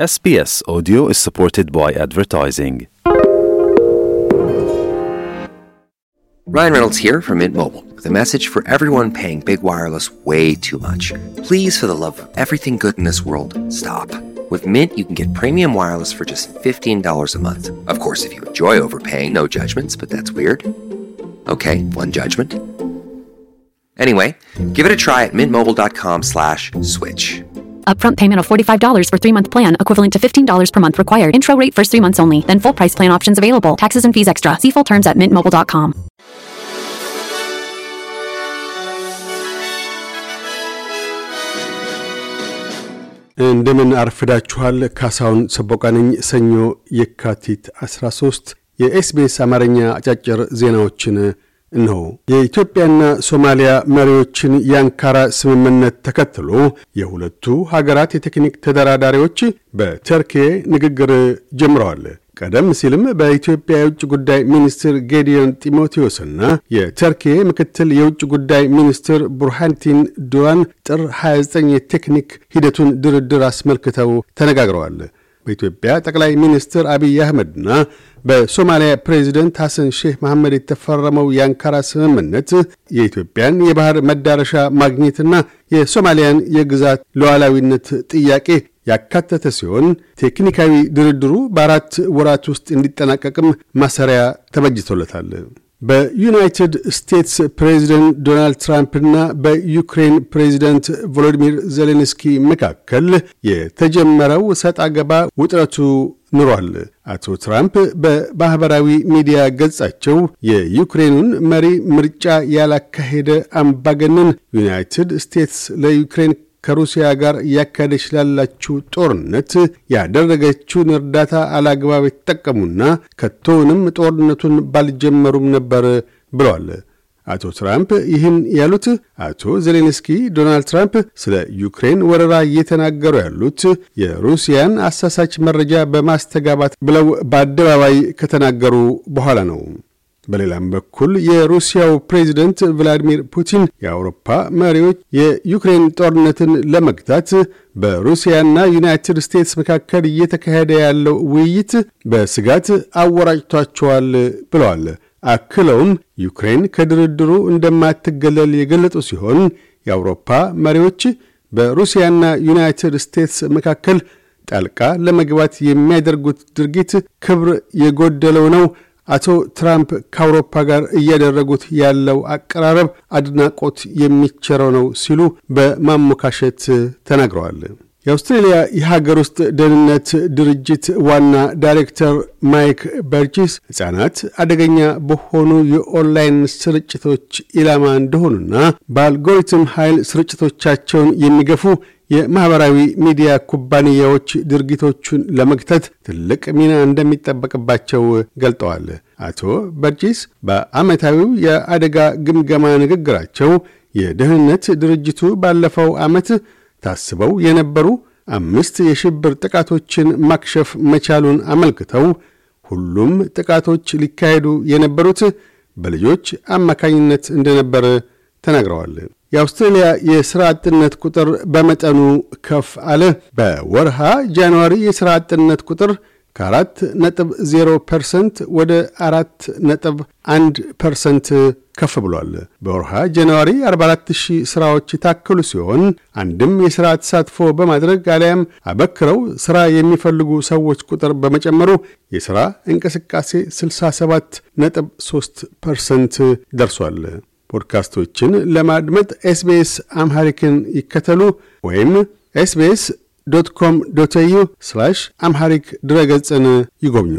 SBS Audio is supported by advertising. Ryan Reynolds here from Mint Mobile with a message for everyone paying big wireless way too much. Please, for the love of everything good in this world, stop. With Mint, you can get premium wireless for just $15 a month. Of course, if you enjoy overpaying, no judgments, but that's weird. Okay, one judgment. Anyway, give it a try at mintmobile.com slash switch. Upfront payment of $45 for three month plan, equivalent to $15 per month required. Intro rate first three months only, then full price plan options available. Taxes and fees extra. See full terms at mintmobile.com. እንደምን አርፍዳችኋል። ካሳሁን ሰቦቃ ሰኞ የካቲት 13 የኤስቢኤስ አማርኛ አጫጭር ዜናዎችን ነው። የኢትዮጵያና ሶማሊያ መሪዎችን የአንካራ ስምምነት ተከትሎ የሁለቱ ሀገራት የቴክኒክ ተደራዳሪዎች በተርኬ ንግግር ጀምረዋል። ቀደም ሲልም በኢትዮጵያ የውጭ ጉዳይ ሚኒስትር ጌዲዮን ጢሞቴዎስና የተርኬ ምክትል የውጭ ጉዳይ ሚኒስትር ቡርሃንቲን ዱራን ጥር 29 የቴክኒክ ሂደቱን ድርድር አስመልክተው ተነጋግረዋል። በኢትዮጵያ ጠቅላይ ሚኒስትር አብይ አህመድና በሶማሊያ ፕሬዚደንት ሐሰን ሼህ መሐመድ የተፈረመው የአንካራ ስምምነት የኢትዮጵያን የባህር መዳረሻ ማግኘትና የሶማሊያን የግዛት ሉዓላዊነት ጥያቄ ያካተተ ሲሆን ቴክኒካዊ ድርድሩ በአራት ወራት ውስጥ እንዲጠናቀቅም ማሰሪያ ተበጅቶለታል። በዩናይትድ ስቴትስ ፕሬዚደንት ዶናልድ ትራምፕና በዩክሬን ፕሬዚደንት ቮሎዲሚር ዜሌንስኪ መካከል የተጀመረው ሰጣ ገባ ውጥረቱ ኑሯል። አቶ ትራምፕ በማኅበራዊ ሚዲያ ገጻቸው የዩክሬኑን መሪ ምርጫ ያላካሄደ አምባገነን ዩናይትድ ስቴትስ ለዩክሬን ከሩሲያ ጋር እያካሄደች ላላችው ጦርነት ያደረገችውን እርዳታ አላግባብ የተጠቀሙና ከቶውንም ጦርነቱን ባልጀመሩም ነበር ብለዋል። አቶ ትራምፕ ይህን ያሉት አቶ ዜሌንስኪ ዶናልድ ትራምፕ ስለ ዩክሬን ወረራ እየተናገሩ ያሉት የሩሲያን አሳሳች መረጃ በማስተጋባት ብለው በአደባባይ ከተናገሩ በኋላ ነው። በሌላም በኩል የሩሲያው ፕሬዚደንት ቭላዲሚር ፑቲን የአውሮፓ መሪዎች የዩክሬን ጦርነትን ለመግታት በሩሲያና ዩናይትድ ስቴትስ መካከል እየተካሄደ ያለው ውይይት በስጋት አወራጭቷቸዋል ብለዋል። አክለውም ዩክሬን ከድርድሩ እንደማትገለል የገለጹ ሲሆን የአውሮፓ መሪዎች በሩሲያና ዩናይትድ ስቴትስ መካከል ጣልቃ ለመግባት የሚያደርጉት ድርጊት ክብር የጎደለው ነው አቶ ትራምፕ ከአውሮፓ ጋር እያደረጉት ያለው አቀራረብ አድናቆት የሚቸረው ነው ሲሉ በማሞካሸት ተናግረዋል። የአውስትሬልያ የሀገር ውስጥ ደህንነት ድርጅት ዋና ዳይሬክተር ማይክ በርጂስ ሕፃናት አደገኛ በሆኑ የኦንላይን ስርጭቶች ኢላማ እንደሆኑና በአልጎሪትም ኃይል ስርጭቶቻቸውን የሚገፉ የማኅበራዊ ሚዲያ ኩባንያዎች ድርጊቶቹን ለመክተት ትልቅ ሚና እንደሚጠበቅባቸው ገልጠዋል። አቶ በርጂስ በዓመታዊው የአደጋ ግምገማ ንግግራቸው የደህንነት ድርጅቱ ባለፈው ዓመት ታስበው የነበሩ አምስት የሽብር ጥቃቶችን ማክሸፍ መቻሉን አመልክተው ሁሉም ጥቃቶች ሊካሄዱ የነበሩት በልጆች አማካኝነት እንደነበር ተናግረዋል። የአውስትሬልያ የሥራ አጥነት ቁጥር በመጠኑ ከፍ አለ። በወርሃ ጃንዋሪ የሥራ አጥነት ቁጥር ከአራት ነጥብ ዜሮ ፐርሰንት ወደ አራት ነጥብ አንድ ፐርሰንት ከፍ ብሏል። በወርሃ ጃንዋሪ 44 ሺህ ሥራዎች የታከሉ ሲሆን አንድም የሥራ ተሳትፎ በማድረግ አሊያም አበክረው ሥራ የሚፈልጉ ሰዎች ቁጥር በመጨመሩ የሥራ እንቅስቃሴ 67 ነጥብ 3 ፐርሰንት ደርሷል። ፖድካስቶችን ለማድመጥ ኤስቤስ አምሐሪክን ይከተሉ ወይም ኤስቤስ ዶት ኮም ዶት ዩ አምሐሪክ ድረገጽን ይጎብኙ።